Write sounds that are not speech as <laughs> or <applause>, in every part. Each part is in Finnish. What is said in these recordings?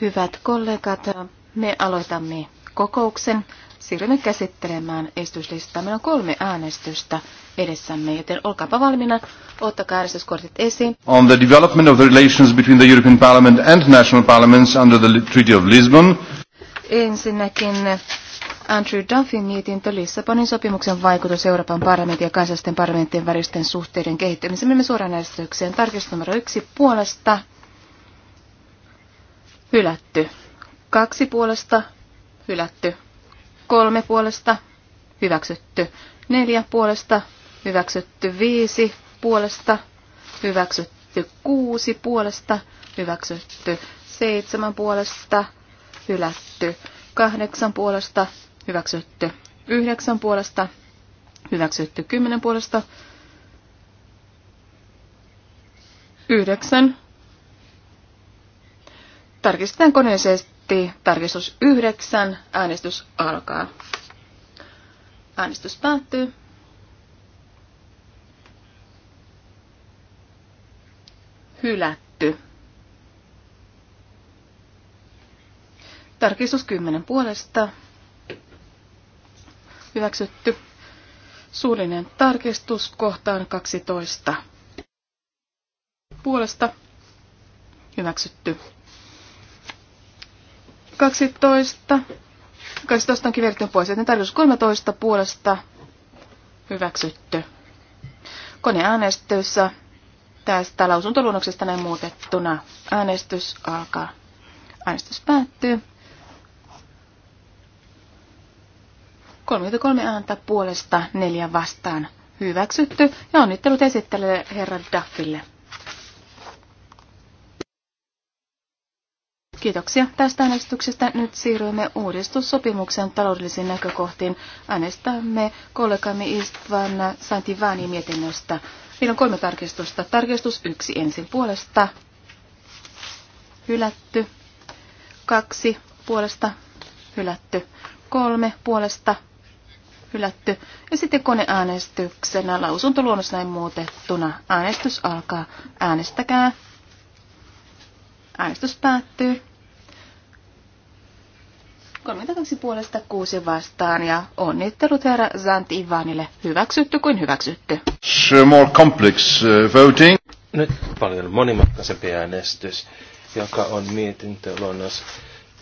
Hyvät kollegat, me aloitamme kokouksen. Siirrymme käsittelemään estyslistaa. Meillä on kolme äänestystä edessämme, joten olkaapa valmiina, ottakaa äänestyskortit esiin. On the development of the relations between the European Parliament and national parliaments under the Treaty of Lisbon. Ensinnäkin Andrew Duffin mietintö Lissabonin sopimuksen vaikutus Euroopan parlamentin ja kansallisten parlamenttien välisten suhteiden kehittämiseen. me suoraan äänestykseen. Tarkistus numero yksi puolesta hylätty. Kaksi puolesta hylätty. Kolme puolesta hyväksytty. Neljä puolesta hyväksytty. Viisi puolesta hyväksytty. Kuusi puolesta hyväksytty. Seitsemän puolesta hylätty. Kahdeksan puolesta hyväksytty. Yhdeksän puolesta hyväksytty. Kymmenen puolesta Yhdeksän Tarkistetaan koneellisesti. Tarkistus 9. Äänestys alkaa. Äänestys päättyy. Hylätty. Tarkistus 10 puolesta. Hyväksytty. Suullinen tarkistus kohtaan 12. Puolesta. Hyväksytty. 12. 12 onkin verrattu pois, joten tarjous 13 puolesta hyväksytty. Koneäänestyssä tästä lausuntoluonnoksesta näin muutettuna. Äänestys alkaa. Äänestys päättyy. 33 ääntä puolesta, neljä vastaan. Hyväksytty ja onnittelut esittelee herra Daffille. Kiitoksia tästä äänestyksestä. Nyt siirrymme uudistussopimuksen taloudellisiin näkökohtiin. Äänestämme kollegamme Istvan Santivani mietinnöstä. Meillä on kolme tarkistusta. Tarkistus yksi ensin puolesta. Hylätty. Kaksi puolesta. Hylätty. Kolme puolesta. Hylätty. Ja sitten koneäänestyksenä lausuntoluonnos näin muutettuna. Äänestys alkaa. Äänestäkää. Äänestys päättyy. 32 puolesta kuusi vastaan ja onnittelut herra Zant Ivanille. Hyväksytty kuin hyväksytty. More complex uh, voting. Nyt paljon monimutkaisempi äänestys, joka on mietintöluonnos,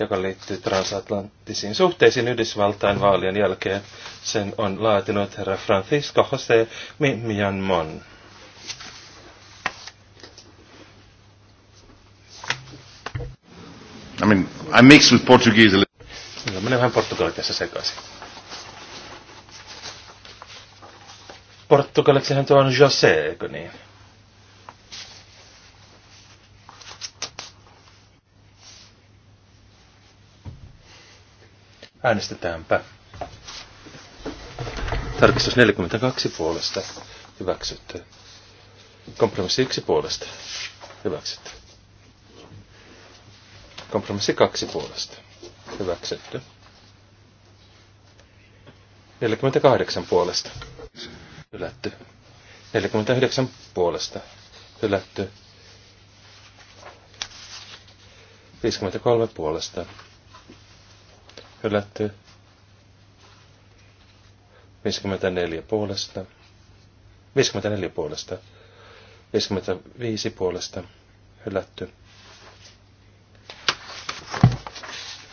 joka liittyy transatlanttisiin suhteisiin Yhdysvaltain vaalien jälkeen. Sen on laatinut herra Francisco Jose Mimian Mon. I mean, I mix with Portuguese a little. Minulla menee vähän portugali tässä sekaisin. Portugaliksihan tuo on Jose, eikö niin? Äänestetäänpä. Tarkistus 42 puolesta. Hyväksytty. Kompromissi 1 puolesta. Hyväksytty. Kompromissi 2 puolesta. Hyväksytty. 48 puolesta. Hylätty. 49 puolesta. Hylätty. 53 puolesta. Hylätty. 54 puolesta. 54 puolesta. 55 puolesta. Hylätty.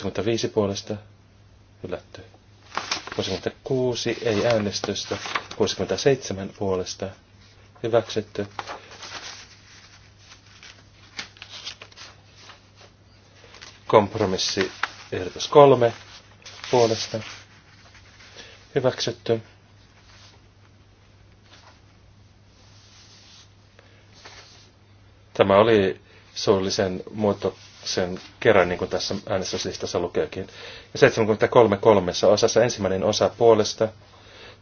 65 puolesta hylätty. 66 ei äänestystä. 67 puolesta hyväksytty. Kompromissi ehdotus 3 puolesta hyväksytty. Tämä oli suullisen muoto sen kerran, niin kuin tässä äänestyslistassa lukeekin. Ja 73 kolmessa osassa ensimmäinen osa puolesta,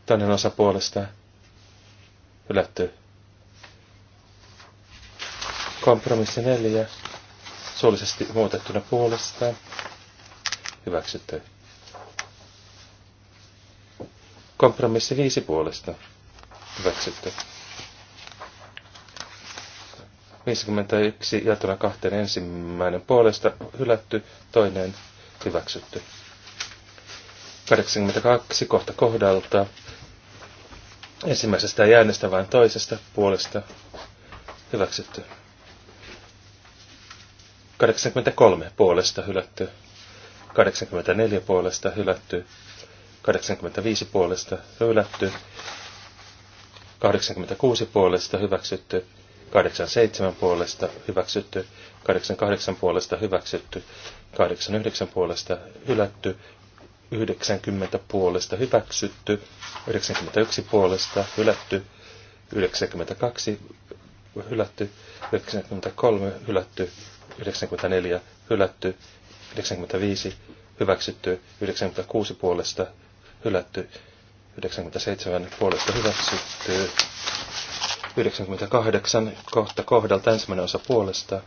toinen osa puolesta, hylätty. Kompromissi neljä, suullisesti muutettuna puolesta, hyväksytty. Kompromissi viisi puolesta, hyväksytty. 51 jaettuna kahteen ensimmäinen puolesta hylätty, toinen hyväksytty. 82 kohta kohdalta. Ensimmäisestä jäännestä vain vaan toisesta puolesta hyväksytty. 83 puolesta hylätty. 84 puolesta hylätty. 85 puolesta hylätty. 86 puolesta hyväksytty. 87 puolesta hyväksytty, 88 puolesta hyväksytty, 89 puolesta hylätty, 90 puolesta hyväksytty, 91 puolesta hylätty, 92 hylätty, 93 hylätty, 94 hylätty, 95 hyväksytty, 96 puolesta hylätty, 97 puolesta hyväksytty, 98 kohta kohdalta ensimmäinen osa puolesta.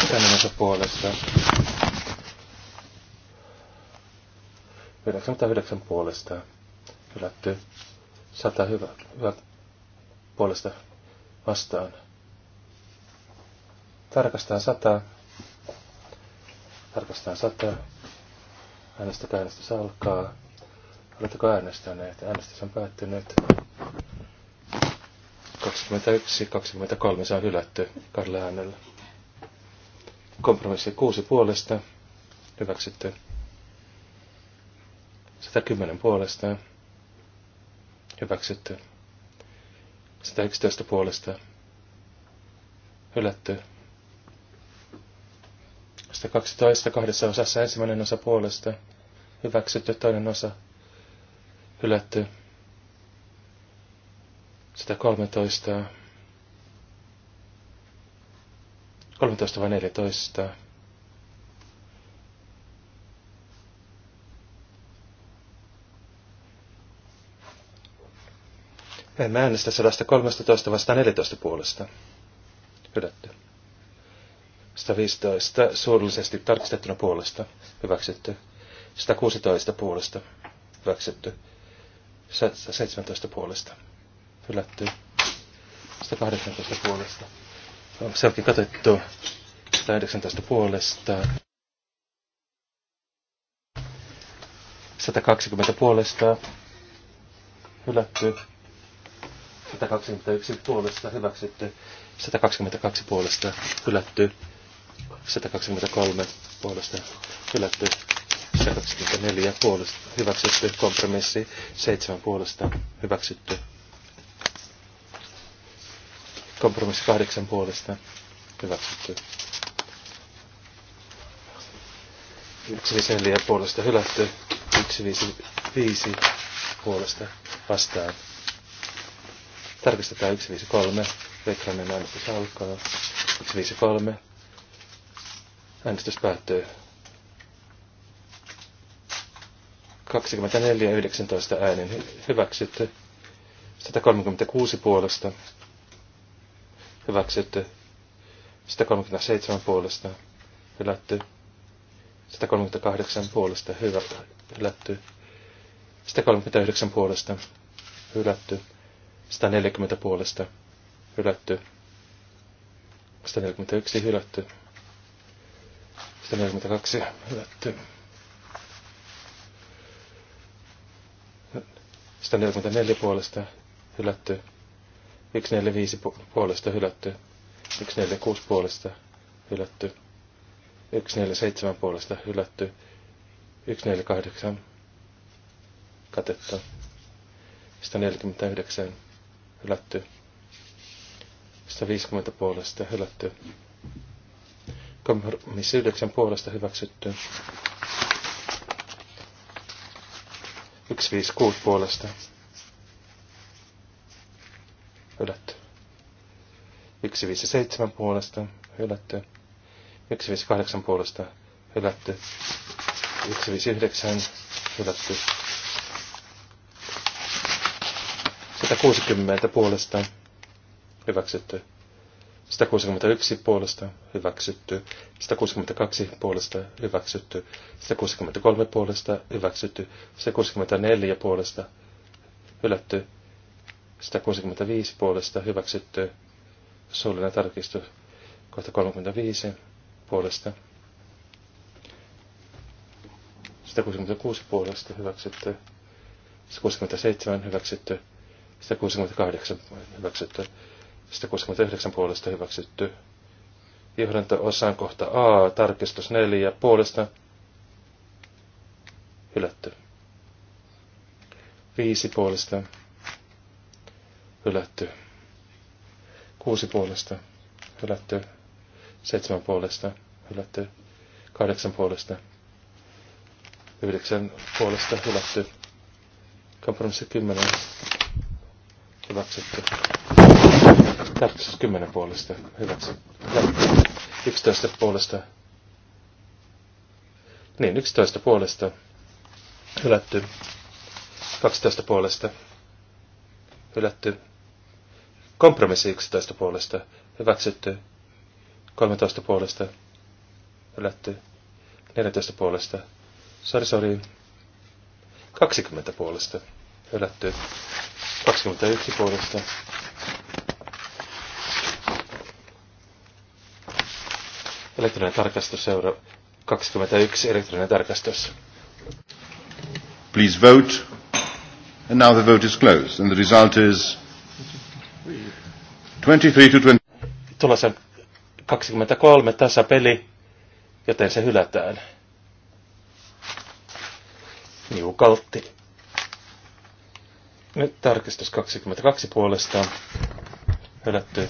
Ensimmäinen osa puolesta. 99 puolesta. Hylätty. 100 hyvä, hyvä puolesta vastaan. Tarkastaan 100. Tarkastaan 100. Äänestä äänestys alkaa. Oletteko äänestäneet? Äänestys on päättynyt. 21-23 saa hylätty kahdella äänellä. Kompromissi 6 puolesta. Hyväksytty. 110 puolesta. Hyväksytty. 111 puolesta. Hylätty. 112 kahdessa osassa ensimmäinen osa puolesta. Hyväksytty toinen osa. Hylätty. 113. 13 vai 14. Me mä äänestä 113 vai 114 puolesta. Hylätty. 115 suurellisesti tarkistettuna puolesta. Hyväksytty. 116 puolesta. Hyväksytty. 117 puolesta hylätty 118 puolesta. Se onkin katettu 119 puolesta. 120 puolesta hylätty. 121 puolesta hyväksytty. 122 puolesta hylätty. 123 puolesta hylätty. 124 puolesta hyväksytty. Kompromissi 7 puolesta hyväksytty. Kompromissi kahdeksan puolesta hyväksytty. Yksi viisi neljä puolesta hylätty. Yksi viisi viisi puolesta vastaan. Tarkistetaan 153. Vekranen äänestys alkaa. 153. Äänestys päättyy. 19 äänin hyväksytty. 136 puolesta hyväksytty. 137 puolesta hylätty. 138 puolesta hyvä, hylätty. 139 puolesta hylätty. 140 puolesta hylätty. 141 hylätty. 142 hylätty. 144 puolesta hylätty. 145 puolesta hylätty. 146 puolesta hylätty. 147 puolesta hylätty. 148 katetta. 149 hylätty. 150 puolesta hylätty. Kompromissi 9 puolesta hyväksytty. 156 puolesta 157 puolesta hylätty. 158 puolesta hylätty. 159 hylätty. 160 puolesta hyväksytty. 161 puolesta hyväksytty, 162 puolesta hyväksytty, 163 puolesta hyväksytty, 164 puolesta hylätty, 165 puolesta hyväksytty, suullinen tarkistus kohta 35 puolesta. 166 puolesta hyväksytty. 167 hyväksytty. 168 hyväksytty. 169 puolesta hyväksytty. Johdanto osaan kohta A, tarkistus 4 puolesta hylätty. 5 puolesta hylätty. Kuusi puolesta hylätty. Seitsemän puolesta hylätty. Kahdeksan puolesta. Yhdeksän puolesta hylätty. Kompromissi kymmenen hyväksytty. Tarkistus kymmenen puolesta hyväksytty. Yksitoista puolesta. Niin, yksitoista puolesta hylätty. kaksitoista puolesta hylätty. Kompromissi 11 puolesta. Hyväksytty. 13 puolesta. Hylätty. 14 puolesta. Sori, sori. 20 puolesta. Hylätty. 21 puolesta. Elektroninen tarkastus seura 21 elektroninen tarkastus. Please vote. And now the vote is closed and the result is 23 Tulossa 23 tässä peli, joten se hylätään. Niukaltti. Nyt tarkistus 22 puolesta hylätty.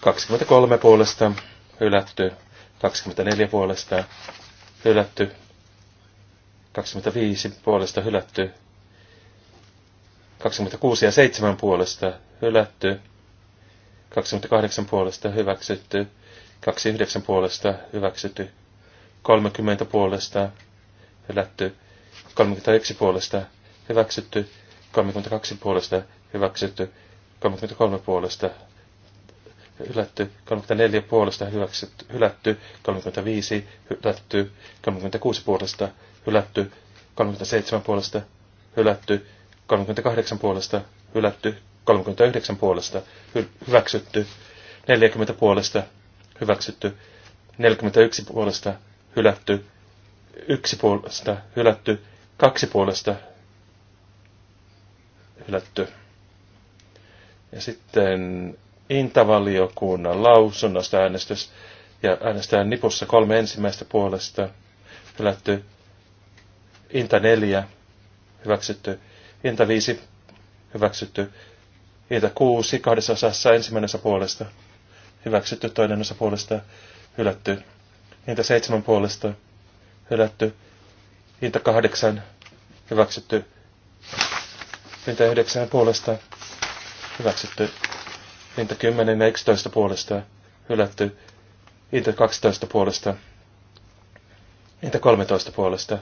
23 puolesta hylätty. 24 puolesta hylätty. 25 puolesta hylätty. 26 ja 7 puolesta hylätty. 28 puolesta hyväksytty, 29 puolesta hyväksytty, 30 puolesta hylätty, 31 puolesta hyväksytty, 32 puolesta hyväksytty, 33 puolesta hylätty, 34 puolesta hyväksytty, hylätty, 35 hylätty, 36 puolesta hylätty, 37 puolesta hylätty, 38 puolesta hylätty, 39 puolesta hyväksytty, 40 puolesta hyväksytty, 41 puolesta hylätty, yksi puolesta hylätty, kaksi puolesta hylätty. Ja sitten intavaliokunnan lausunnosta äänestys ja äänestetään nipussa kolme ensimmäistä puolesta hylätty, inta neljä hyväksytty, inta viisi hyväksytty, Niitä kuusi kahdessa osassa ensimmäinen osa puolesta. Hyväksytty toinen osa puolesta. Hylätty. Niitä seitsemän puolesta. Hylätty. Niitä kahdeksan. Hyväksytty. Niitä yhdeksän puolesta. Hyväksytty. Niitä kymmenen ja yksitoista puolesta. Hylätty. Niitä kaksitoista puolesta. Niitä kolmetoista puolesta.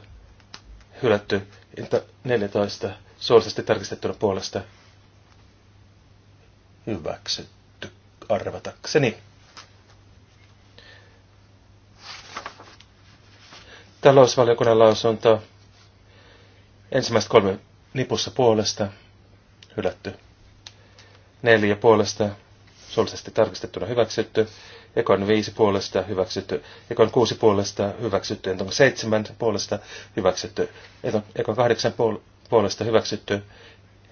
Hylätty. Niitä neljätoista. Suolisesti tarkistettuna puolesta hyväksytty arvatakseni. Talousvaliokunnan lausunto. Ensimmäistä kolme nipussa puolesta. Hylätty. Neljä puolesta. Suullisesti tarkistettuna hyväksytty. Ekon viisi puolesta hyväksytty. Ekon kuusi puolesta hyväksytty. Ekon seitsemän puolesta hyväksytty. Ekon kahdeksan puolesta hyväksytty.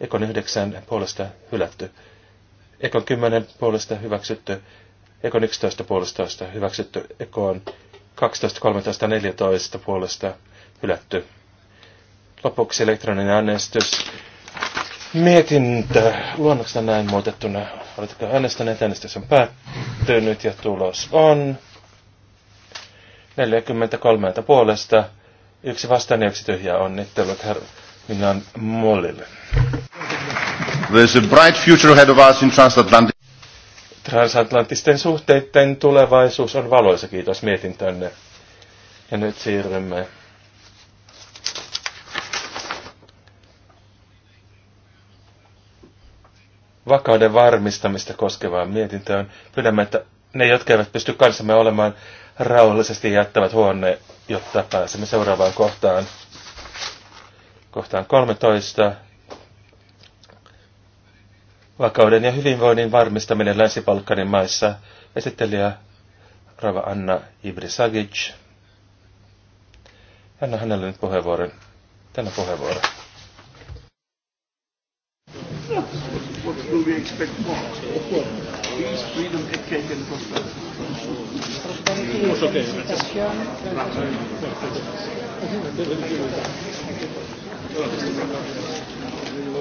Ekon yhdeksän puolesta hylätty. Ekon 10 puolesta hyväksytty, Ekon 11 puolesta hyväksytty, Ekon 12, 13, 14 puolesta hylätty. Lopuksi elektroninen äänestys. Mietintä luonnoksena näin muutettuna. Oletko äänestäneet? Äänestys on päättynyt ja tulos on 43 puolesta. Yksi vastaan ja yksi tyhjä onnittelut Minä on Mollille. There's a bright future ahead of us in transatlantic. Transatlanttisten suhteiden tulevaisuus on valoisa, kiitos mietintönne. Ja nyt siirrymme vakauden varmistamista koskevaan mietintöön. Pyydämme, että ne, jotka eivät pysty kanssamme olemaan, rauhallisesti jättävät huone, jotta pääsemme seuraavaan kohtaan. Kohtaan 13 vakauden ja hyvinvoinnin varmistaminen Länsi-Balkanin maissa. Esittelijä Rava Anna Ibrisagic. Anna hänelle nyt puheenvuoron. Tänä puheenvuoron. What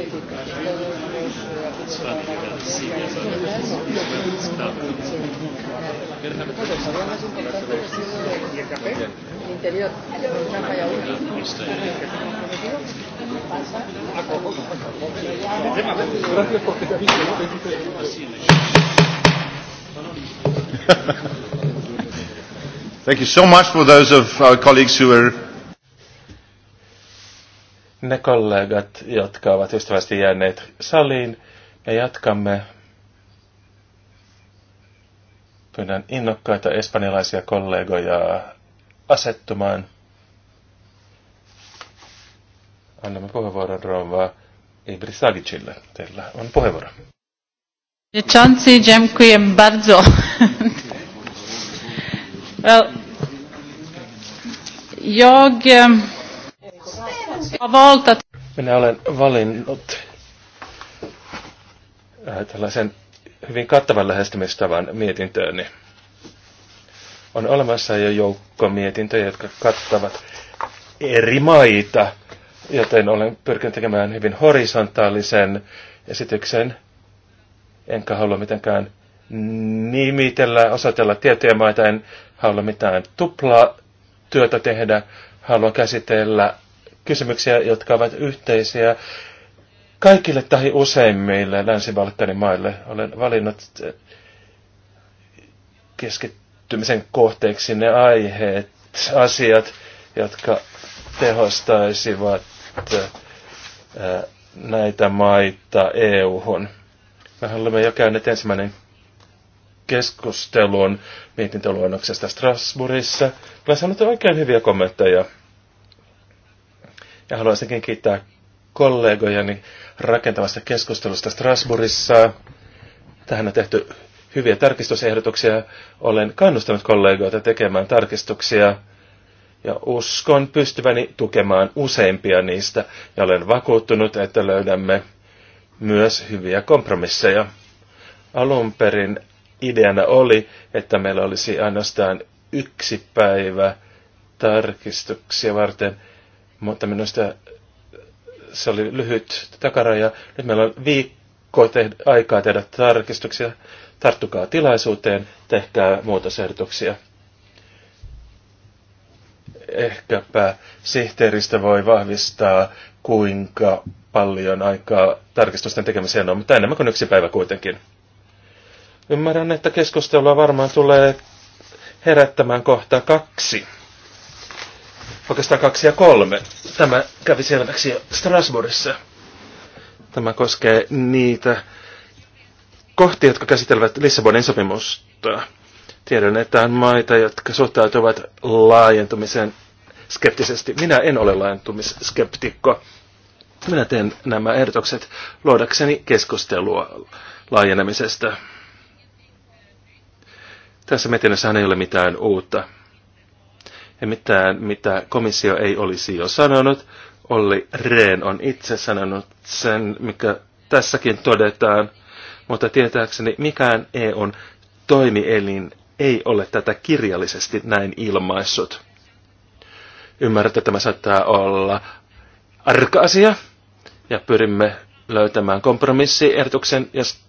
Thank you so much for those of our colleagues who are ne kollegat, jotka ovat ystävästi jääneet saliin, me jatkamme. Pyydän innokkaita espanjalaisia kollegoja asettumaan. Annamme puheenvuoron Ibri Sagicille. Teillä on puheenvuoro. Przewodniczący, dziękuję bardzo. <laughs> well, jag... Um... Minä olen valinnut äh, tällaisen hyvin kattavan lähestymistavan mietintööni. On olemassa jo joukko mietintöjä, jotka kattavat eri maita, joten olen pyrkinyt tekemään hyvin horisontaalisen esityksen. Enkä halua mitenkään nimitellä, osoitella tiettyjä maita, en halua mitään tuplaa työtä tehdä, haluan käsitellä kysymyksiä, jotka ovat yhteisiä kaikille tai useimmille Länsi-Balkanin maille. Olen valinnut eh, keskittymisen kohteeksi ne aiheet, asiat, jotka tehostaisivat eh, näitä maita EU-hun. Me olemme jo käyneet ensimmäinen keskustelun mietintöluonnoksesta Strasbourgissa. Olen saanut oikein hyviä kommentteja ja haluaisinkin kiittää kollegojani rakentavasta keskustelusta Strasbourgissa. Tähän on tehty hyviä tarkistusehdotuksia. Olen kannustanut kollegoita tekemään tarkistuksia ja uskon pystyväni tukemaan useimpia niistä ja olen vakuuttunut, että löydämme myös hyviä kompromisseja. Alun perin ideana oli, että meillä olisi ainoastaan yksi päivä tarkistuksia varten – mutta minusta se oli lyhyt takaraja. Nyt meillä on viikko te- aikaa tehdä tarkistuksia. Tarttukaa tilaisuuteen, tehkää muutosehdotuksia. Ehkäpä sihteeristä voi vahvistaa, kuinka paljon aikaa tarkistusten tekemiseen on, mutta enemmän kuin yksi päivä kuitenkin. Ymmärrän, että keskustelua varmaan tulee herättämään kohta kaksi oikeastaan kaksi ja kolme. Tämä kävi selväksi Strasbourgissa. Tämä koskee niitä kohtia, jotka käsittelevät Lissabonin sopimusta. Tiedän, että on maita, jotka suhtautuvat laajentumiseen skeptisesti. Minä en ole laajentumisskeptikko. Minä teen nämä ehdotukset luodakseni keskustelua laajenemisesta. Tässä mietinnössähän ei ole mitään uutta ja mitään, mitä komissio ei olisi jo sanonut. Olli Rehn on itse sanonut sen, mikä tässäkin todetaan, mutta tietääkseni mikään EUn toimielin ei ole tätä kirjallisesti näin ilmaissut. Ymmärrät, että tämä saattaa olla arka asia, ja pyrimme löytämään kompromissiehdotuksen, jos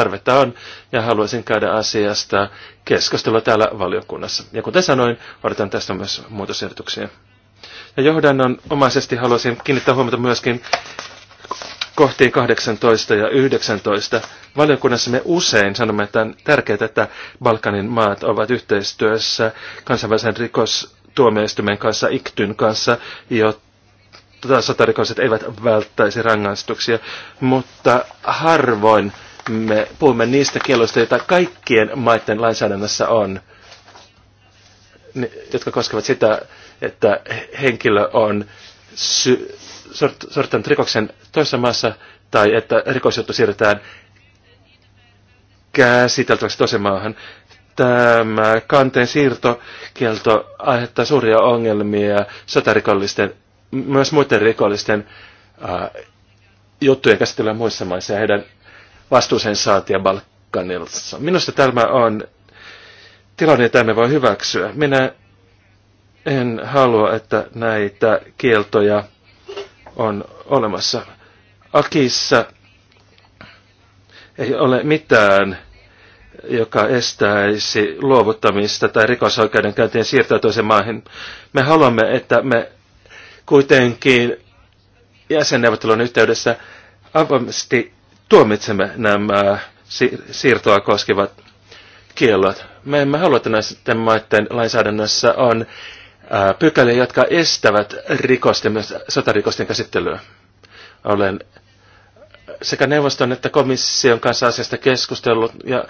tarvetta on ja haluaisin käydä asiasta keskustelua täällä valiokunnassa. Ja kuten sanoin, odotan tästä myös muutosehdotuksia. Ja johdannon omaisesti haluaisin kiinnittää huomiota myöskin kohtiin 18 ja 19. Valiokunnassa me usein sanomme, että on tärkeää, että Balkanin maat ovat yhteistyössä kansainvälisen rikostuomioistuimen kanssa, Iktyn kanssa, jotta sotarikoiset eivät välttäisi rangaistuksia. Mutta harvoin me puhumme niistä kieloista, joita kaikkien maiden lainsäädännössä on, jotka koskevat sitä, että henkilö on sy- sortanut rikoksen toisessa maassa tai että rikosjuttu siirretään käsiteltäväksi toiseen maahan. Tämä kanteen siirtokielto aiheuttaa suuria ongelmia sotarikollisten, myös muiden rikollisten äh, juttujen käsittelyä muissa maissa ja heidän vastuuseen saatia Minusta tämä on tilanne, jota me voi hyväksyä. Minä en halua, että näitä kieltoja on olemassa. Akissa ei ole mitään, joka estäisi luovuttamista tai rikosoikeudenkäyntien siirtoa toiseen maahan. Me haluamme, että me kuitenkin jäsenneuvottelun yhteydessä avoimesti tuomitsemme nämä siirtoa koskevat kiellot. Me emme halua, että näiden maiden lainsäädännössä on pykäliä, jotka estävät rikosten, myös sotarikosten käsittelyä. Olen sekä neuvoston että komission kanssa asiasta keskustellut, ja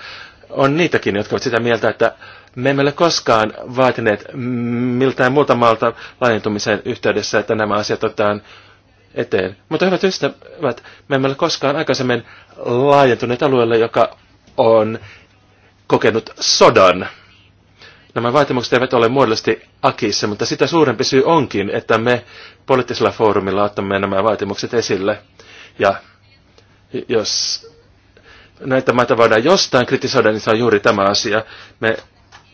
on niitäkin, jotka ovat sitä mieltä, että me emme ole koskaan vaatineet miltään muuta maalta laajentumisen yhteydessä, että nämä asiat otetaan eteen. Mutta hyvät ystävät, me emme ole koskaan aikaisemmin laajentuneet alueelle, joka on kokenut sodan. Nämä vaatimukset eivät ole muodollisesti akissa, mutta sitä suurempi syy onkin, että me poliittisella foorumilla otamme nämä vaatimukset esille. Ja jos näitä maita voidaan jostain kritisoida, niin se on juuri tämä asia. Me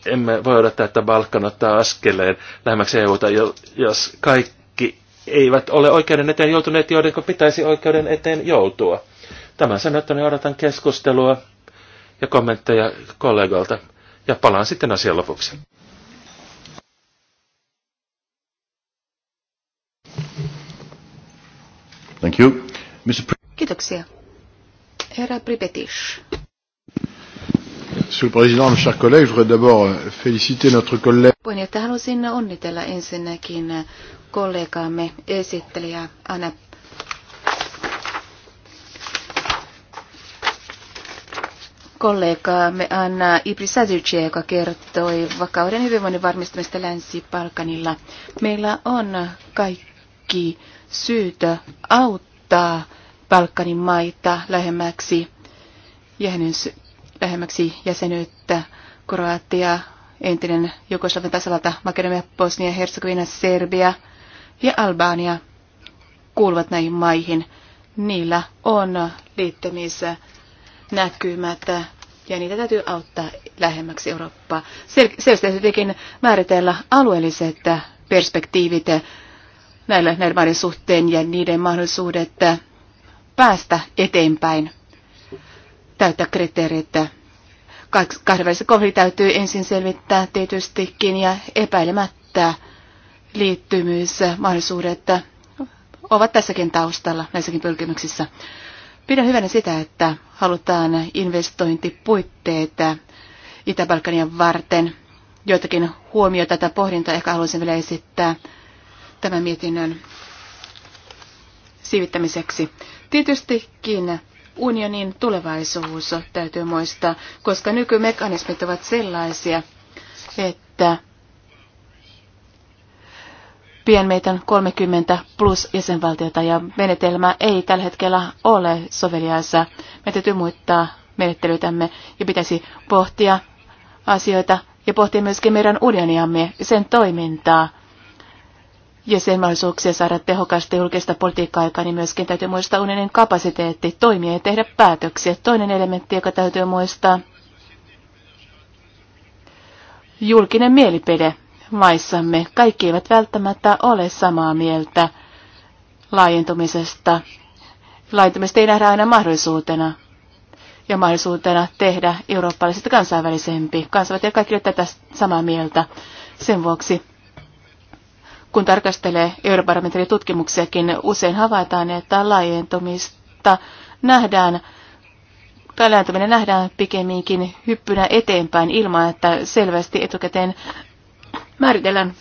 emme voi odottaa, että Balkan ottaa askeleen lähemmäksi EUta, jos kaikki eivät ole oikeuden eteen joutuneet, joiden pitäisi oikeuden eteen joutua. Tämän sanottuna odotan keskustelua ja kommentteja kollegalta ja palaan sitten asian lopuksi. Thank you. Mr. Kiitoksia. Herra Pripetish. Monsieur le Président, mes chers collègues, je voudrais d'abord euh, féliciter notre collègue. Puheenjohtaja, haluaisin onnitella ensinnäkin äh, kollegaamme esittelijä Anna kollegaamme Anna Ibrisadzice, joka kertoi vakauden hyvinvoinnin varmistamista länsi palkanilla Meillä on kaikki syytä auttaa Palkanin maita lähemmäksi ja hänen lähemmäksi jäsenyyttä. Kroatia, entinen Jugoslavian tasavalta, Makedonia, Bosnia, Herzegovina, Serbia ja Albania kuuluvat näihin maihin. Niillä on näkymät ja niitä täytyy auttaa lähemmäksi Eurooppaa. Sel- selvästi tietenkin määritellä alueelliset perspektiivit näillä, näiden maiden suhteen ja niiden mahdollisuudet päästä eteenpäin täytä kriteereitä. Kahdenväliset konfliktit täytyy ensin selvittää tietystikin ja epäilemättä liittymys, mahdollisuudet ovat tässäkin taustalla, näissäkin pyrkimyksissä. Pidän hyvänä sitä, että halutaan investointipuitteita Itä-Balkanian varten. Joitakin huomioita tätä pohdintaa ehkä haluaisin vielä esittää tämän mietinnön siivittämiseksi. Tietystikin unionin tulevaisuus täytyy muistaa, koska nykymekanismit ovat sellaisia, että pian meitä on 30 plus jäsenvaltiota ja menetelmä ei tällä hetkellä ole soveliaisa. Me täytyy muuttaa menettelytämme ja pitäisi pohtia asioita ja pohtia myöskin meidän unioniamme ja sen toimintaa ja sen mahdollisuuksia saada tehokasta julkista politiikkaa aikaa, niin myöskin täytyy muistaa unionin kapasiteetti toimia ja tehdä päätöksiä. Toinen elementti, joka täytyy muistaa, julkinen mielipide maissamme. Kaikki eivät välttämättä ole samaa mieltä laajentumisesta. Laajentumista ei nähdä aina mahdollisuutena ja mahdollisuutena tehdä eurooppalaisesta kansainvälisempi. Kansainväliset kaikki tätä samaa mieltä. Sen vuoksi kun tarkastelee eurobarometrin tutkimuksiakin, usein havaitaan, että laajentumista nähdään laajentuminen nähdään pikemminkin hyppynä eteenpäin ilman, että selvästi etukäteen määritellään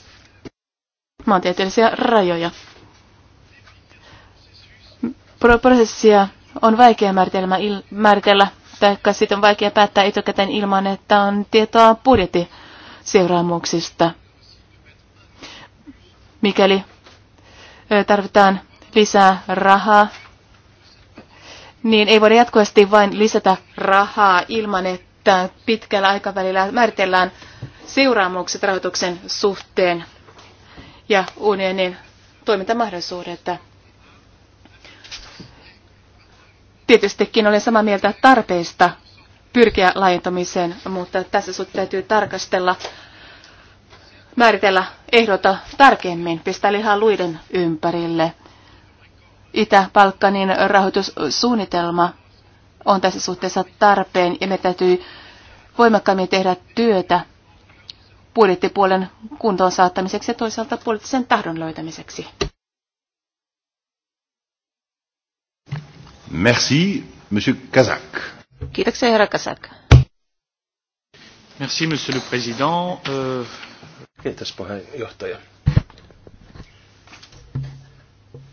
maantieteellisiä rajoja. Pro Prosessia on vaikea määritellä, määritellä tai sitten on vaikea päättää etukäteen ilman, että on tietoa seuraamuksista mikäli tarvitaan lisää rahaa, niin ei voida jatkuvasti vain lisätä rahaa ilman, että pitkällä aikavälillä määritellään seuraamukset rahoituksen suhteen ja unionin toimintamahdollisuudet. Tietystikin olen samaa mieltä tarpeista pyrkiä laajentamiseen, mutta tässä sinut täytyy tarkastella määritellä ehdota tarkemmin, pistää lihaa luiden ympärille. itä palkkanin rahoitussuunnitelma on tässä suhteessa tarpeen ja me täytyy voimakkaammin tehdä työtä budjettipuolen kuntoon saattamiseksi ja toisaalta poliittisen tahdon löytämiseksi. Merci, Monsieur Kazak. Kiitoksia, herra Kazak. Merci, Monsieur le Président. Euh... Kiitos puheenjohtaja.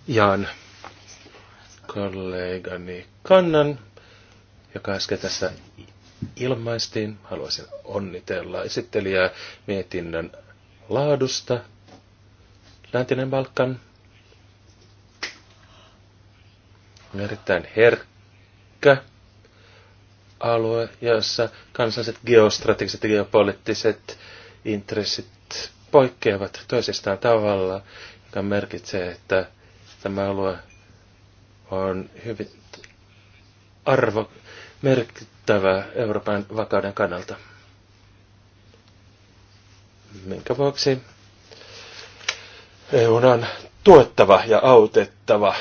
Jaan kollegani Kannan, joka äsken tässä ilmaistiin. Haluaisin onnitella esittelijää mietinnön laadusta. Läntinen Balkan erittäin herkkä alue, jossa kansalliset geostrategiset ja geopoliittiset intressit poikkeavat toisistaan tavalla, joka merkitsee, että tämä alue on hyvin arvo merkittävä Euroopan vakauden kannalta. Minkä vuoksi EU on tuettava ja autettava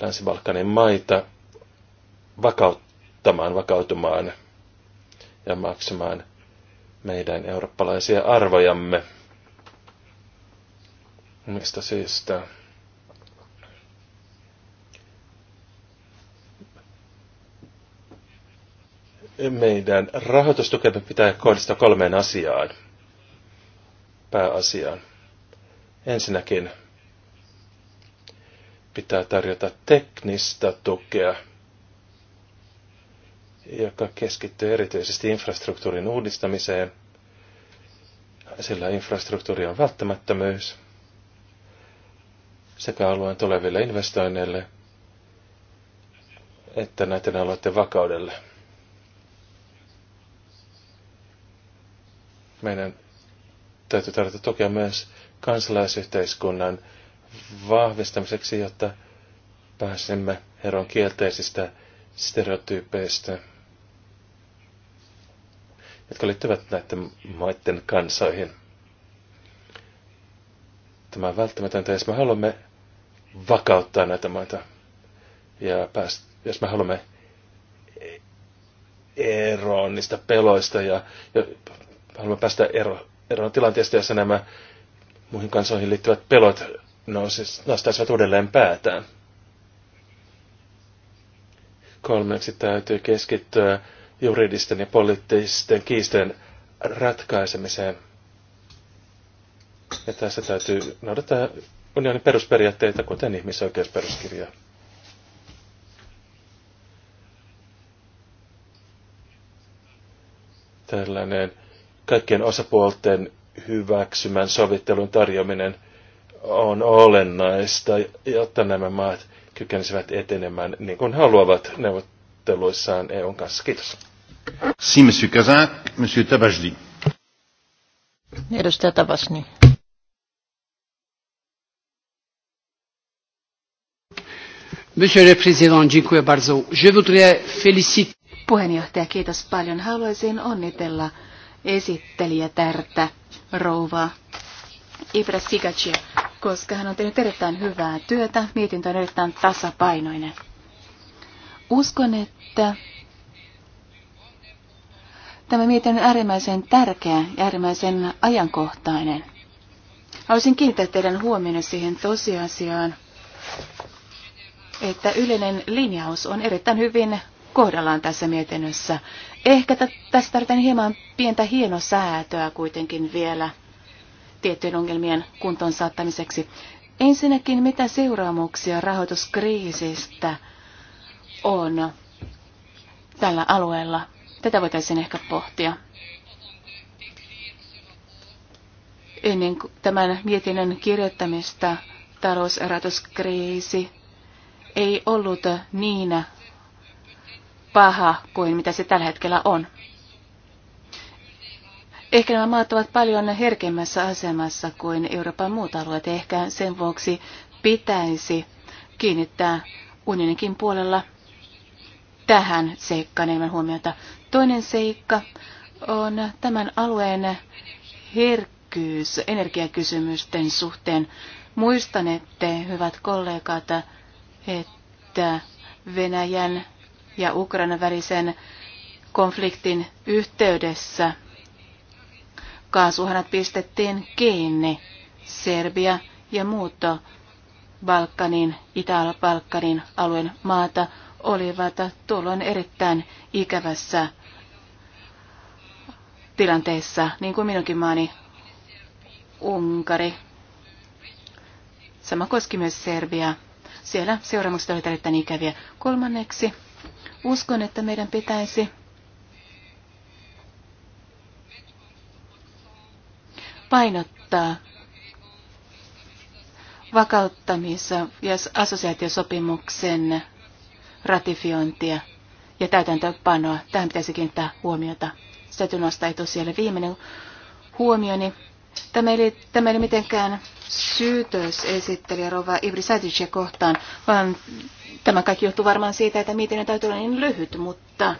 Länsi-Balkanin maita vakauttamaan, vakautumaan ja maksamaan meidän eurooppalaisia arvojamme mistä syystä meidän rahoitustukemme pitää kohdistaa kolmeen asiaan, pääasiaan. Ensinnäkin pitää tarjota teknistä tukea, joka keskittyy erityisesti infrastruktuurin uudistamiseen, sillä infrastruktuuri on välttämättömyys – sekä alueen tuleville investoinneille että näiden alueiden vakaudelle. Meidän täytyy tarjota tukea myös kansalaisyhteiskunnan vahvistamiseksi, jotta pääsemme eroon kielteisistä stereotyypeistä, jotka liittyvät näiden maiden kansoihin. Tämä on välttämätöntä, jos me haluamme vakauttaa näitä maita. Ja pääst, jos me haluamme eroon niistä peloista ja, ja haluamme päästä ero, eroon tilanteesta, jossa nämä muihin kansoihin liittyvät pelot nostaisivat uudelleen päätään. Kolmeksi täytyy keskittyä juridisten ja poliittisten kiisten ratkaisemiseen. Ja tässä täytyy noudattaa unionin perusperiaatteita, kuten ihmisoikeusperuskirjaa. Tällainen kaikkien osapuolten hyväksymän sovittelun tarjoaminen on olennaista, jotta nämä maat kykenisivät etenemään niin kuin haluavat neuvotteluissaan EUn kanssa. Kiitos. Si, monsieur Kazak, monsieur Tabajdi. Edustaja Tabasni. Puheenjohtaja, kiitos paljon. Haluaisin onnitella esittelijätärtä rouva Ibra Sigacia, koska hän on tehnyt erittäin hyvää työtä. Mietintö on erittäin tasapainoinen. Uskon, että tämä mietintö on äärimmäisen tärkeä ja äärimmäisen ajankohtainen. Haluaisin kiinnittää teidän huomioon siihen tosiasiaan, että yleinen linjaus on erittäin hyvin kohdallaan tässä mietinnössä. Ehkä tässä tarvitaan hieman pientä hienosäätöä kuitenkin vielä tiettyjen ongelmien kuntoon saattamiseksi. Ensinnäkin, mitä seuraamuksia rahoituskriisistä on tällä alueella? Tätä voitaisiin ehkä pohtia. Ennen tämän mietinnön kirjoittamista talousrahoituskriisi ei ollut niin paha kuin mitä se tällä hetkellä on. Ehkä nämä maat ovat paljon herkemmässä asemassa kuin Euroopan muut alueet. Ehkä sen vuoksi pitäisi kiinnittää unioninkin puolella tähän seikkaan enemmän huomiota. Toinen seikka on tämän alueen herkkyys energiakysymysten suhteen. Muistan, että hyvät kollegat, että Venäjän ja Ukrainan välisen konfliktin yhteydessä kaasuhanat pistettiin kiinni. Serbia ja muut Balkanin, Itä-Balkanin alueen maata olivat tuolloin erittäin ikävässä tilanteessa, niin kuin minunkin maani Unkari. Sama koski myös Serbiaa. Siellä seuraamukset olivat erittäin ikäviä. Kolmanneksi, uskon, että meidän pitäisi painottaa vakauttamis- ja assosiaatiosopimuksen ratifiointia ja täytäntöönpanoa. Tähän pitäisi kiinnittää huomiota. Sitä nostaa etu siellä. Viimeinen huomioni Tämä ei, tämä ei ole mitenkään syytös esittelijä Rova Ibrisadicia kohtaan, vaan tämä kaikki johtuu varmaan siitä, että miten ne täytyy olla niin lyhyt, mutta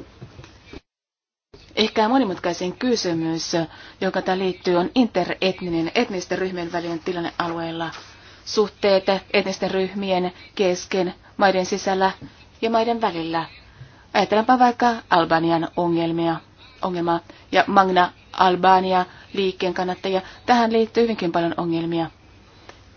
ehkä monimutkaisin kysymys, joka tämä liittyy, on interetninen, etnisten ryhmien välinen tilanne alueella. Suhteet etnisten ryhmien kesken, maiden sisällä ja maiden välillä. Ajatellaanpa vaikka Albanian ongelmia, ongelmaa ja Magna Albania liikkeen kannattajia. Tähän liittyy hyvinkin paljon ongelmia.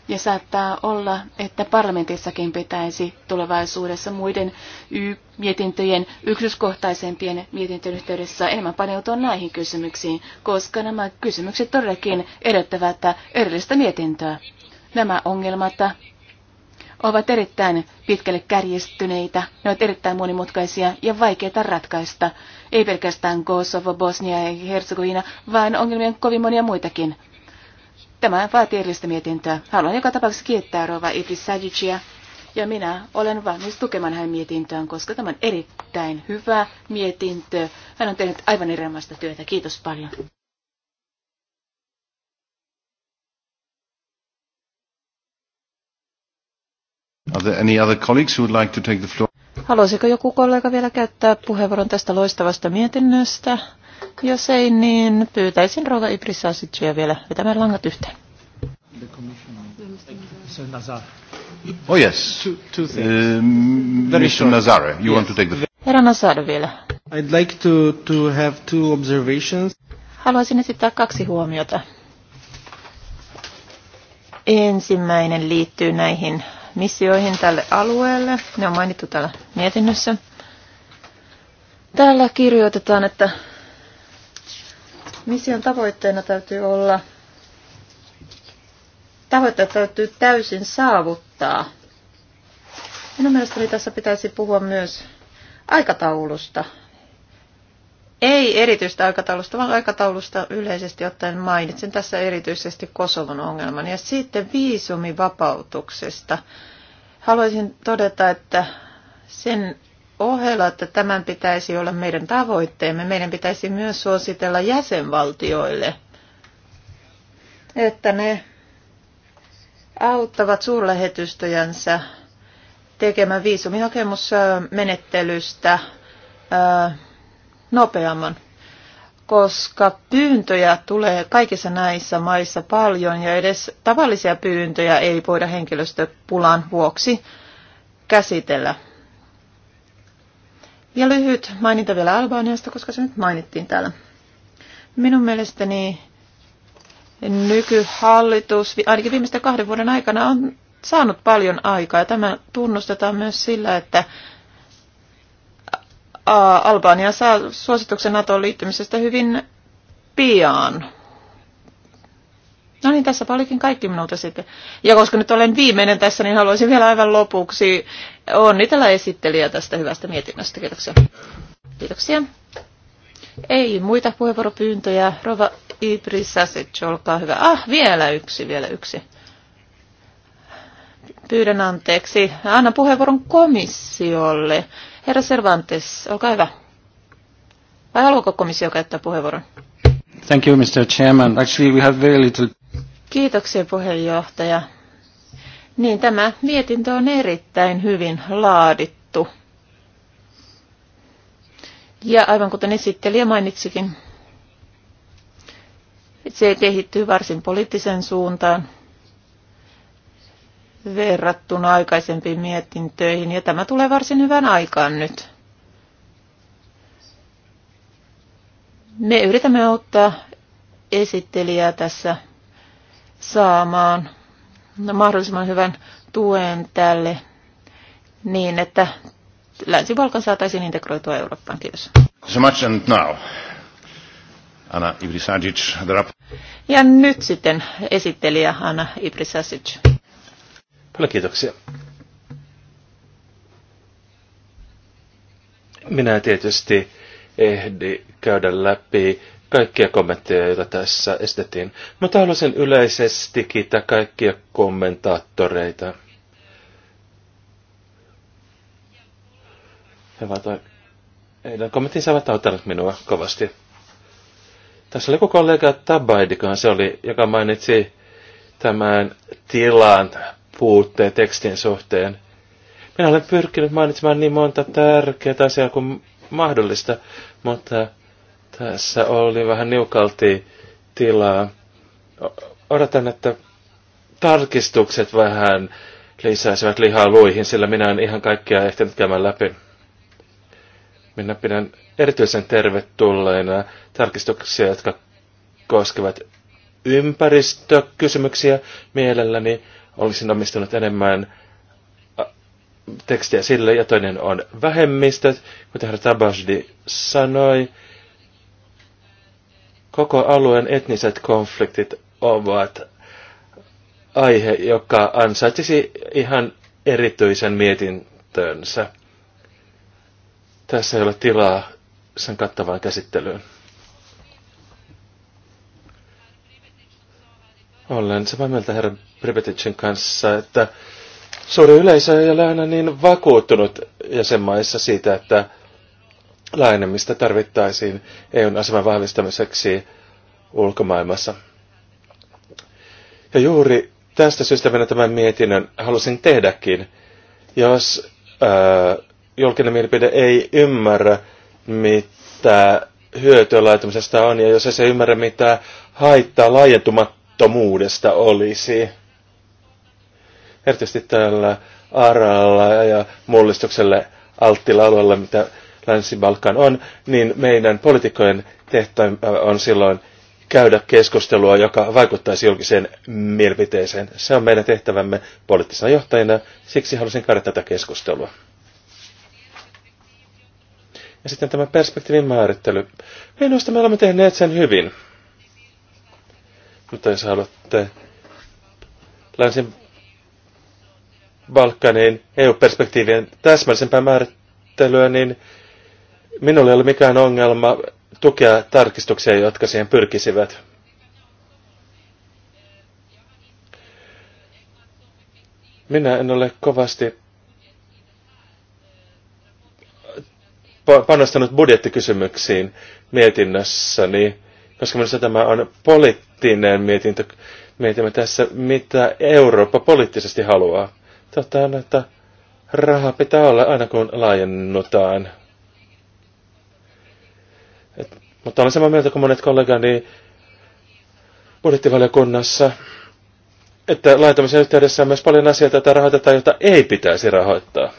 Ja saattaa olla, että parlamentissakin pitäisi tulevaisuudessa muiden y- mietintöjen yksityiskohtaisempien mietintöjen yhteydessä enemmän paneutua näihin kysymyksiin, koska nämä kysymykset todellakin edellyttävät erillistä mietintöä. Nämä ongelmat ovat erittäin pitkälle kärjistyneitä, ne ovat erittäin monimutkaisia ja vaikeita ratkaista. Ei pelkästään Kosovo, Bosnia ja Herzegovina, vaan ongelmia on kovin monia muitakin. Tämä vaatii erillistä mietintöä. Haluan joka tapauksessa kiittää Rova Idris Sajicia ja minä olen valmis tukemaan hänen mietintöään, koska tämä on erittäin hyvä mietintö. Hän on tehnyt aivan erilaista työtä. Kiitos paljon. Are there any other colleagues who would like to take the floor? Haluaisiko joku kollega vielä käyttää puheenvuoron tästä loistavasta mietinnöstä? Jos ei, niin pyytäisin Rova Ibrisasicia vielä vetämään langat yhteen. Oh yes. Two, two things. Um, Nazare, you yes. want to take the floor? Herra Nazare vielä. I'd like to, to have two observations. Haluaisin esittää kaksi huomiota. Ensimmäinen liittyy näihin missioihin tälle alueelle. Ne on mainittu täällä mietinnössä. Täällä kirjoitetaan, että Mission tavoitteena täytyy olla, tavoitteet täytyy täysin saavuttaa. Minun mielestäni tässä pitäisi puhua myös aikataulusta ei erityistä aikataulusta, vaan aikataulusta yleisesti ottaen mainitsen tässä erityisesti Kosovon ongelman. Ja sitten viisumivapautuksesta. Haluaisin todeta, että sen ohella, että tämän pitäisi olla meidän tavoitteemme, meidän pitäisi myös suositella jäsenvaltioille, että ne auttavat suurlähetystöjänsä tekemään viisumihakemusmenettelystä nopeamman, koska pyyntöjä tulee kaikissa näissä maissa paljon ja edes tavallisia pyyntöjä ei voida henkilöstöpulan vuoksi käsitellä. Ja lyhyt maininta vielä Albaniasta, koska se nyt mainittiin täällä. Minun mielestäni nykyhallitus, ainakin viimeisten kahden vuoden aikana, on saanut paljon aikaa. Tämä tunnustetaan myös sillä, että Albania saa suosituksen NATOon liittymisestä hyvin pian. No niin, tässä olikin kaikki minulta sitten. Ja koska nyt olen viimeinen tässä, niin haluaisin vielä aivan lopuksi onnitella esittelijä tästä hyvästä mietinnöstä. Kiitoksia. Kiitoksia. Ei muita puheenvuoropyyntöjä. Rova Ibris Sasic, olkaa hyvä. Ah, vielä yksi, vielä yksi. Pyydän anteeksi. Anna puheenvuoron komissiolle. Herra Cervantes, olkaa hyvä. Vai haluako komissio käyttää puheenvuoron? Thank you, Mr. Chairman. Actually, we have very little... Kiitoksia, puheenjohtaja. Niin, tämä mietintö on erittäin hyvin laadittu. Ja aivan kuten esittelijä mainitsikin, se kehittyy varsin poliittisen suuntaan verrattuna aikaisempiin mietintöihin, ja tämä tulee varsin hyvän aikaan nyt. Me yritämme auttaa esittelijää tässä saamaan mahdollisimman hyvän tuen tälle niin, että Länsi-Balkan saataisiin integroitua Eurooppaan. Kiitos. So much and now. Anna Ibrisagic, the Ja nyt sitten esittelijä Anna Ibrisasic. Paljon kiitoksia. Minä tietysti ehdi käydä läpi kaikkia kommentteja, joita tässä estettiin, mutta haluaisin yleisesti kiittää kaikkia kommentaattoreita. He ovat, heidän kommenttinsa ovat auttaneet minua kovasti. Tässä oli kollega Tabaidi se oli, joka mainitsi tämän tilan puutteet tekstin suhteen. Minä olen pyrkinyt mainitsemaan niin monta tärkeää asiaa kuin mahdollista, mutta tässä oli vähän niukalti tilaa. Odotan, että tarkistukset vähän lisäisivät lihaa luihin, sillä minä en ihan kaikkia ehtinyt käymään läpi. Minä pidän erityisen tervetulleina tarkistuksia, jotka koskevat ympäristökysymyksiä mielelläni olisin omistanut enemmän äh, tekstiä sille, ja toinen on vähemmistöt, kuten herra Tabajdi sanoi. Koko alueen etniset konfliktit ovat aihe, joka ansaitsisi ihan erityisen mietintönsä. Tässä ei ole tilaa sen kattavaan käsittelyyn. Olen samaa mieltä herra Brebeticin kanssa, että suuri yleisö ei ole aina niin vakuuttunut jäsenmaissa siitä, että laajenemista tarvittaisiin EUn aseman vahvistamiseksi ulkomaailmassa. Ja juuri tästä syystä minä tämän mietinnön halusin tehdäkin. Jos äh, julkinen mielipide ei ymmärrä, mitä hyötyä laajentamisesta on, ja jos ei se ymmärrä, mitä haittaa laajentumatta, turvattomuudesta olisi. Erityisesti tällä aralla ja mullistukselle alttilla alueella, mitä Länsi-Balkan on, niin meidän poliitikkojen tehtävä on silloin käydä keskustelua, joka vaikuttaisi julkiseen mielipiteeseen. Se on meidän tehtävämme poliittisena johtajina, siksi halusin käydä tätä keskustelua. Ja sitten tämä perspektiivin määrittely. Minusta me olemme tehneet sen hyvin. Mutta jos länsin Balkanin EU-perspektiivien täsmällisempää määrittelyä, niin minulle ei ole mikään ongelma tukea tarkistuksia, jotka siihen pyrkisivät. Minä en ole kovasti panostanut budjettikysymyksiin mietinnössäni. Niin koska minusta tämä on poliittinen mietintö. Mietimme tässä, mitä Eurooppa poliittisesti haluaa. Totta on, että raha pitää olla aina kun laajennutaan. Et, mutta olen samaa mieltä kuin monet kollegani budjettivaliokunnassa, että laitamisen yhteydessä on myös paljon asioita, joita rahoitetaan, joita ei pitäisi rahoittaa.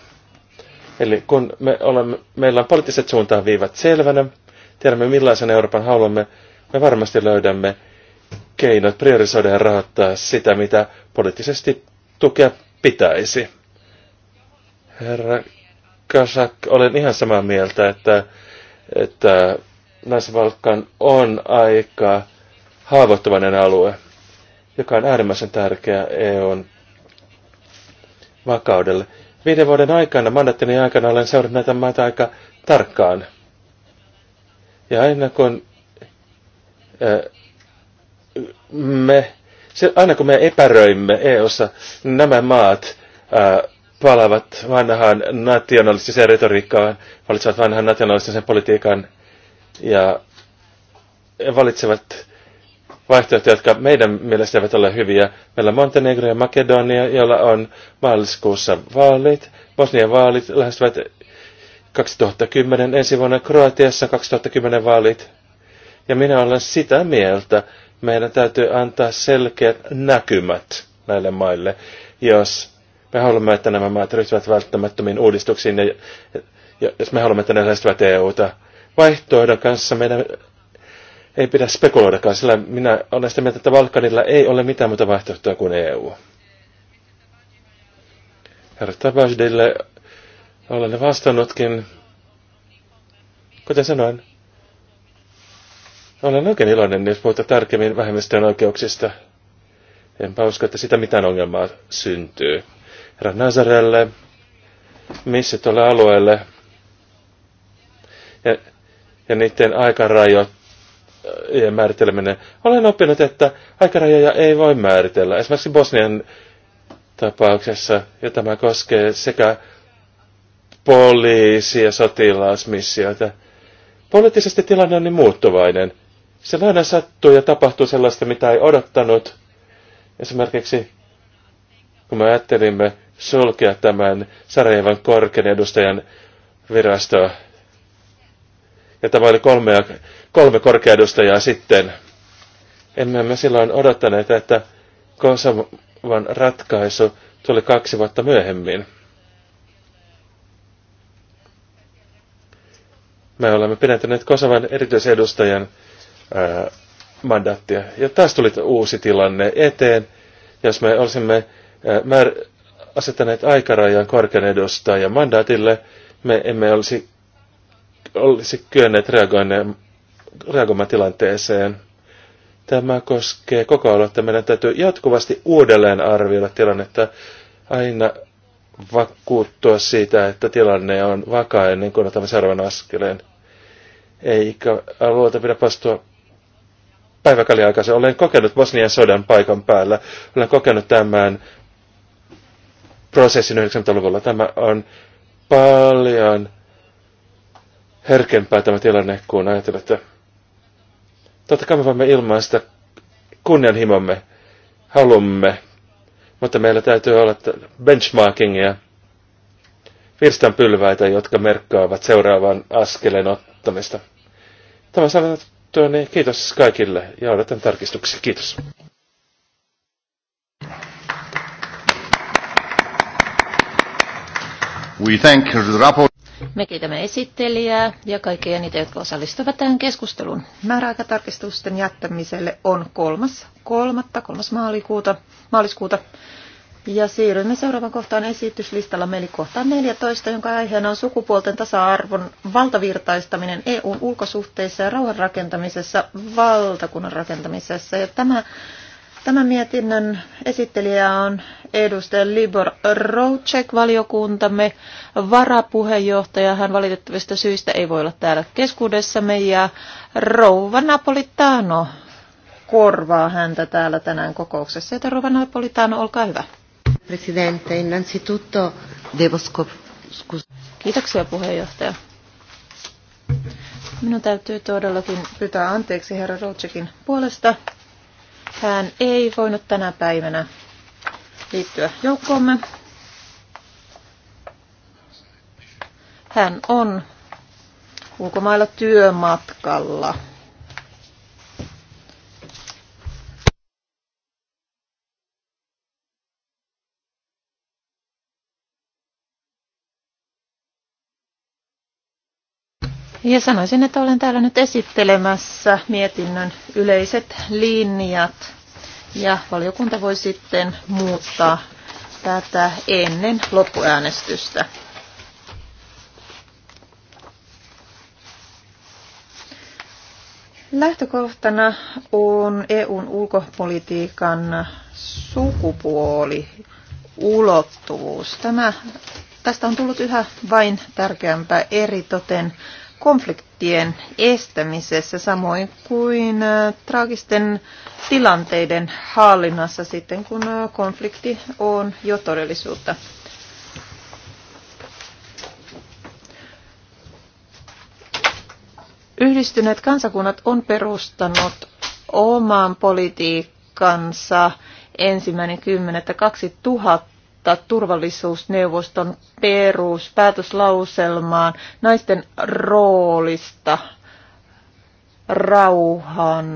Eli kun me olemme, meillä on poliittiset suuntaan viivat selvänä, tiedämme millaisen Euroopan haluamme, me varmasti löydämme keinot priorisoida ja rahoittaa sitä, mitä poliittisesti tukea pitäisi. Herra Kasak, olen ihan samaa mieltä, että, että Naisvalkan on aika haavoittuvainen alue, joka on äärimmäisen tärkeä EUn vakaudelle. Viiden vuoden aikana, mandattini aikana, olen seurannut näitä maita aika tarkkaan. Ja aina kun me, se, aina kun me epäröimme EU-ssa, nämä maat ää, palavat vanhaan nationalistiseen retoriikkaan, valitsevat vanhan nationalistisen politiikan ja valitsevat vaihtoehtoja, jotka meidän mielestä eivät ole hyviä. Meillä on Montenegro ja Makedonia, joilla on maaliskuussa vaalit. Bosnian vaalit lähestyvät 2010 ensi vuonna Kroatiassa 2010 vaalit. Ja minä olen sitä mieltä, meidän täytyy antaa selkeät näkymät näille maille, jos me haluamme, että nämä maat ryhtyvät välttämättömiin uudistuksiin ja, ja jos me haluamme, että ne lähestyvät EUta. Vaihtoehdon kanssa meidän ei pidä spekuloidakaan, sillä minä olen sitä mieltä, että Balkanilla ei ole mitään muuta vaihtoehtoa kuin EU. Herra Tabajdille olen vastannutkin, kuten sanoin, olen oikein iloinen, jos puhutaan tarkemmin vähemmistöjen oikeuksista. Enpä usko, että sitä mitään ongelmaa syntyy. Herra Nazarelle, missä tuolle alueelle ja, ja niiden aikarajojen määritteleminen. Olen oppinut, että aikarajoja ei voi määritellä. Esimerkiksi Bosnian tapauksessa, ja tämä koskee sekä poliisi- ja sotilasmissioita. Poliittisesti tilanne on niin muuttuvainen. Se aina sattuu ja tapahtuu sellaista, mitä ei odottanut. Esimerkiksi kun me ajattelimme sulkea tämän Sarajevan korkean edustajan virastoa. Ja tämä oli kolme, kolme edustajaa sitten. Emme me silloin odottaneet, että Kosovan ratkaisu tuli kaksi vuotta myöhemmin. Me olemme pidentäneet Kosovan erityisedustajan mandaattia. Ja tästä tuli uusi tilanne eteen, jos me olisimme määr, asettaneet aikarajan korkean edustajan mandaatille, me emme olisi, olisi kyenneet reagoimaan tilanteeseen. Tämä koskee koko ajan, että Meidän täytyy jatkuvasti uudelleen arvioida tilannetta aina vakuuttua siitä, että tilanne on vakaa ennen kuin otamme seuraavan askeleen. Eikä luota pidä pastua päiväkaliaikansa. Olen kokenut Bosnian sodan paikan päällä. Olen kokenut tämän prosessin 90-luvulla. Tämä on paljon herkempää tämä tilanne, kuin ajatellaan, että totta kai me voimme ilmaista kunnianhimomme, halumme, mutta meillä täytyy olla benchmarkingia, virstanpylväitä, jotka merkkaavat seuraavan askeleen ottamista. Tämä että juttua, niin kiitos kaikille ja odotan tarkistuksia. Kiitos. We thank the rapport. Me kiitämme esittelijää ja kaikkia niitä, jotka osallistuvat tähän keskusteluun. Määräaikatarkistusten jättämiselle on kolmas, kolmatta, kolmas maaliskuuta. maaliskuuta ja siirrymme seuraavan kohtaan esityslistalla meillä kohtaan 14, jonka aiheena on sukupuolten tasa-arvon valtavirtaistaminen EUn ulkosuhteissa ja rauhanrakentamisessa, valtakunnan rakentamisessa. Ja tämä, tämän mietinnön esittelijä on edustaja Libor Rocek, valiokuntamme varapuheenjohtaja. Hän valitettavista syistä ei voi olla täällä keskuudessamme ja Rouva Napolitano korvaa häntä täällä tänään kokouksessa. Joten rouva Napolitano, olkaa hyvä. Presidente, innanzitutto devo Kiitoksia puheenjohtaja. Minun täytyy todellakin pyytää anteeksi herra Rutsekin puolesta. Hän ei voinut tänä päivänä liittyä joukkoomme. Hän on ulkomailla työmatkalla. Ja sanoisin, että olen täällä nyt esittelemässä mietinnön yleiset linjat. Ja valiokunta voi sitten muuttaa tätä ennen loppuäänestystä. Lähtökohtana on EUn ulkopolitiikan sukupuoli ulottuvuus. Tämä, tästä on tullut yhä vain tärkeämpää eritoten konfliktien estämisessä, samoin kuin traagisten tilanteiden hallinnassa sitten, kun konflikti on jo todellisuutta. Yhdistyneet kansakunnat on perustanut oman politiikkansa ensimmäinen 10.2000 viittaa turvallisuusneuvoston peruspäätöslauselmaan naisten roolista rauhan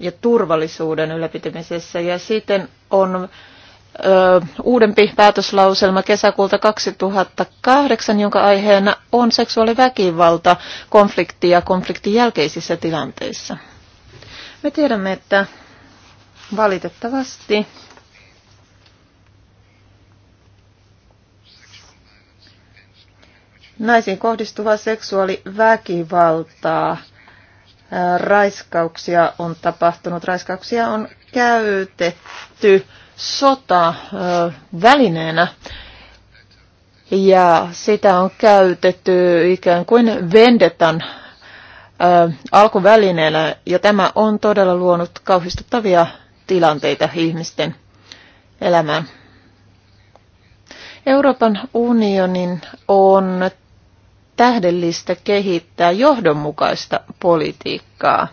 ja turvallisuuden ylläpitämisessä. Ja sitten on ö, uudempi päätöslauselma kesäkuulta 2008, jonka aiheena on seksuaaliväkivalta konflikti ja konfliktin jälkeisissä tilanteissa. Me tiedämme, että valitettavasti naisiin kohdistuvaa seksuaaliväkivaltaa. Raiskauksia on tapahtunut, raiskauksia on käytetty sota välineenä ja sitä on käytetty ikään kuin vendetan alkuvälineenä ja tämä on todella luonut kauhistuttavia tilanteita ihmisten elämään. Euroopan unionin on tähdellistä kehittää johdonmukaista politiikkaa.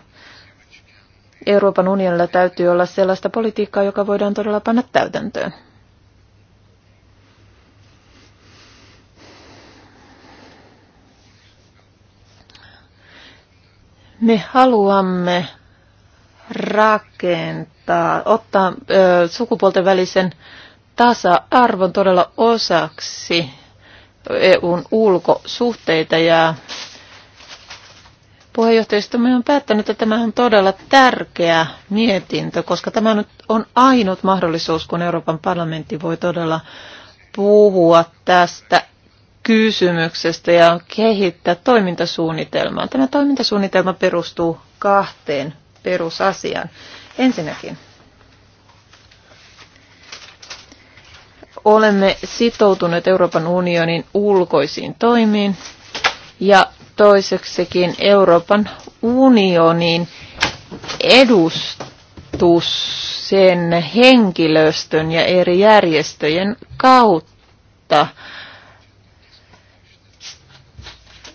Euroopan unionilla täytyy olla sellaista politiikkaa, joka voidaan todella panna täytäntöön. Me haluamme rakentaa, ottaa ö, sukupuolten välisen tasa-arvon todella osaksi EUn ulkosuhteita ja puheenjohtajistamme on päättänyt, että tämä on todella tärkeä mietintö, koska tämä nyt on ainut mahdollisuus, kun Euroopan parlamentti voi todella puhua tästä kysymyksestä ja kehittää toimintasuunnitelmaa. Tämä toimintasuunnitelma perustuu kahteen perusasiaan. Ensinnäkin olemme sitoutuneet Euroopan unionin ulkoisiin toimiin ja toiseksikin Euroopan unionin edustus sen henkilöstön ja eri järjestöjen kautta.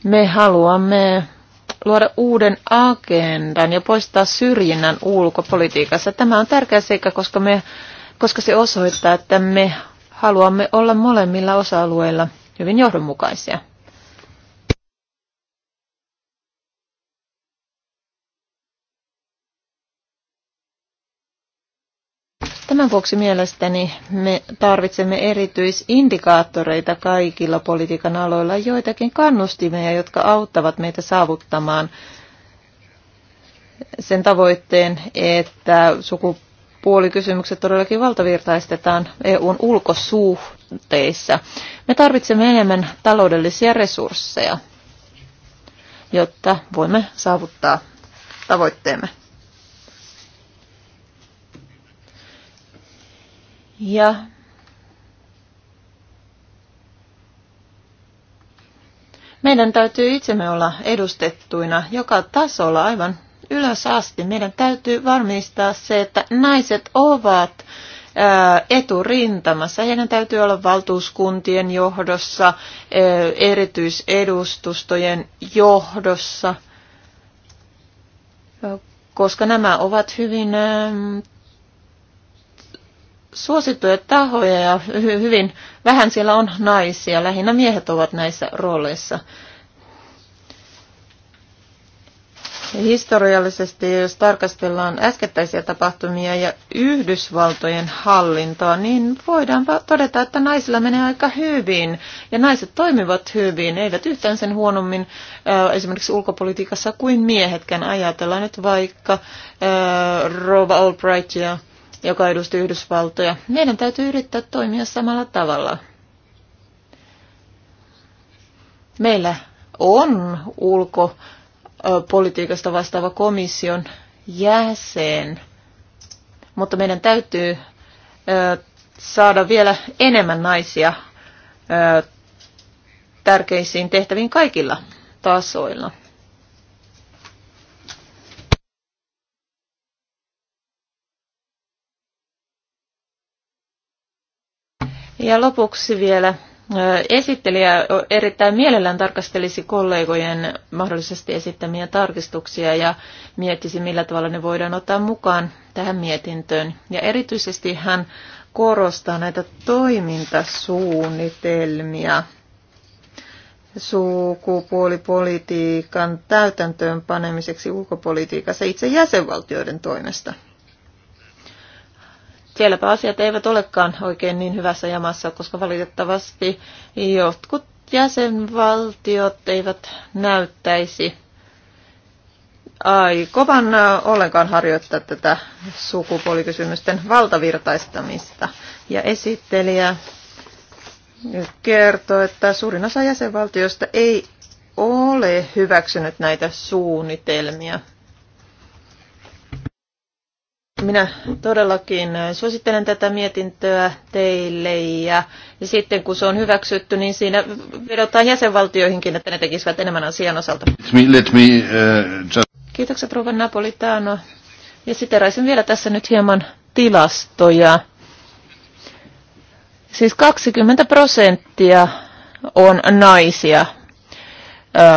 Me haluamme luoda uuden agendan ja poistaa syrjinnän ulkopolitiikassa. Tämä on tärkeä seikka, koska, me, koska se osoittaa, että me haluamme olla molemmilla osa-alueilla hyvin johdonmukaisia. Tämän vuoksi mielestäni me tarvitsemme erityisindikaattoreita kaikilla politiikan aloilla, joitakin kannustimia, jotka auttavat meitä saavuttamaan sen tavoitteen, että sukupuolta sukupuolikysymykset todellakin valtavirtaistetaan EUn ulkosuhteissa. Me tarvitsemme enemmän taloudellisia resursseja, jotta voimme saavuttaa tavoitteemme. Ja meidän täytyy itsemme olla edustettuina joka tasolla aivan ylös asti. Meidän täytyy varmistaa se, että naiset ovat eturintamassa. Heidän täytyy olla valtuuskuntien johdossa, erityisedustustojen johdossa, koska nämä ovat hyvin suosittuja tahoja ja hyvin vähän siellä on naisia. Lähinnä miehet ovat näissä rooleissa. Historiallisesti, jos tarkastellaan äskettäisiä tapahtumia ja Yhdysvaltojen hallintoa, niin voidaan todeta, että naisilla menee aika hyvin ja naiset toimivat hyvin, eivät yhtään sen huonommin äh, esimerkiksi ulkopolitiikassa kuin miehetkään. Ajatellaan nyt vaikka äh, Rova Albrightia, joka edusti Yhdysvaltoja. Meidän täytyy yrittää toimia samalla tavalla. Meillä on ulko politiikasta vastaava komission jäsen. Mutta meidän täytyy saada vielä enemmän naisia tärkeisiin tehtäviin kaikilla tasoilla. Ja lopuksi vielä esittelijä erittäin mielellään tarkastelisi kollegojen mahdollisesti esittämiä tarkistuksia ja miettisi, millä tavalla ne voidaan ottaa mukaan tähän mietintöön. Ja erityisesti hän korostaa näitä toimintasuunnitelmia sukupuolipolitiikan täytäntöön panemiseksi ulkopolitiikassa itse jäsenvaltioiden toimesta sielläpä asiat eivät olekaan oikein niin hyvässä jamassa, koska valitettavasti jotkut jäsenvaltiot eivät näyttäisi aikovan ollenkaan harjoittaa tätä sukupuolikysymysten valtavirtaistamista. Ja esittelijä kertoo, että suurin osa jäsenvaltioista ei ole hyväksynyt näitä suunnitelmia. Minä todellakin suosittelen tätä mietintöä teille ja, ja sitten kun se on hyväksytty, niin siinä vedotaan jäsenvaltioihinkin, että ne tekisivät enemmän asian osalta. Let me, let me, uh, just... Kiitokset Ruben Napolitano. Ja siteraisin vielä tässä nyt hieman tilastoja. Siis 20 prosenttia on naisia.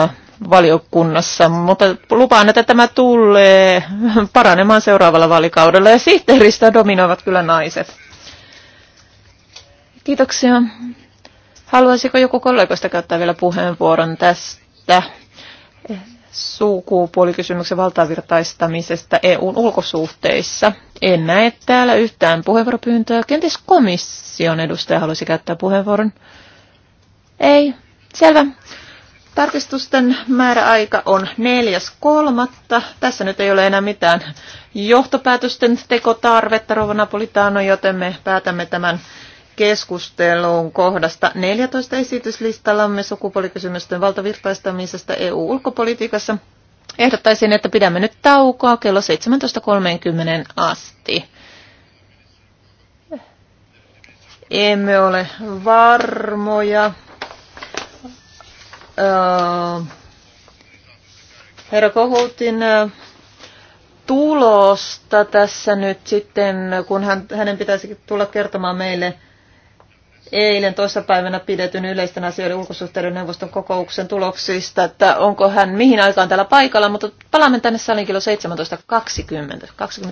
Uh, valiokunnassa, mutta lupaan, että tämä tulee paranemaan seuraavalla vaalikaudella ja sihteeristä dominoivat kyllä naiset. Kiitoksia. Haluaisiko joku kollegoista käyttää vielä puheenvuoron tästä sukupuolikysymyksen valtavirtaistamisesta EUn ulkosuhteissa? En näe täällä yhtään puheenvuoropyyntöä. Kenties komission edustaja haluaisi käyttää puheenvuoron? Ei. Selvä. Tarkistusten määräaika on 4.3. Tässä nyt ei ole enää mitään johtopäätösten tekotarvetta, Rova Napolitano, joten me päätämme tämän keskusteluun kohdasta 14 esityslistallamme sukupuolikysymysten valtavirtaistamisesta EU-ulkopolitiikassa. Ehdottaisin, että pidämme nyt taukoa kello 17.30 asti. Emme ole varmoja herra Kohoutin tulosta tässä nyt sitten, kun hän, hänen pitäisi tulla kertomaan meille eilen toissapäivänä pidetyn yleisten asioiden ulkosuhteiden neuvoston kokouksen tuloksista, että onko hän mihin aikaan täällä paikalla, mutta palaamme tänne salin kello 17.20. 20.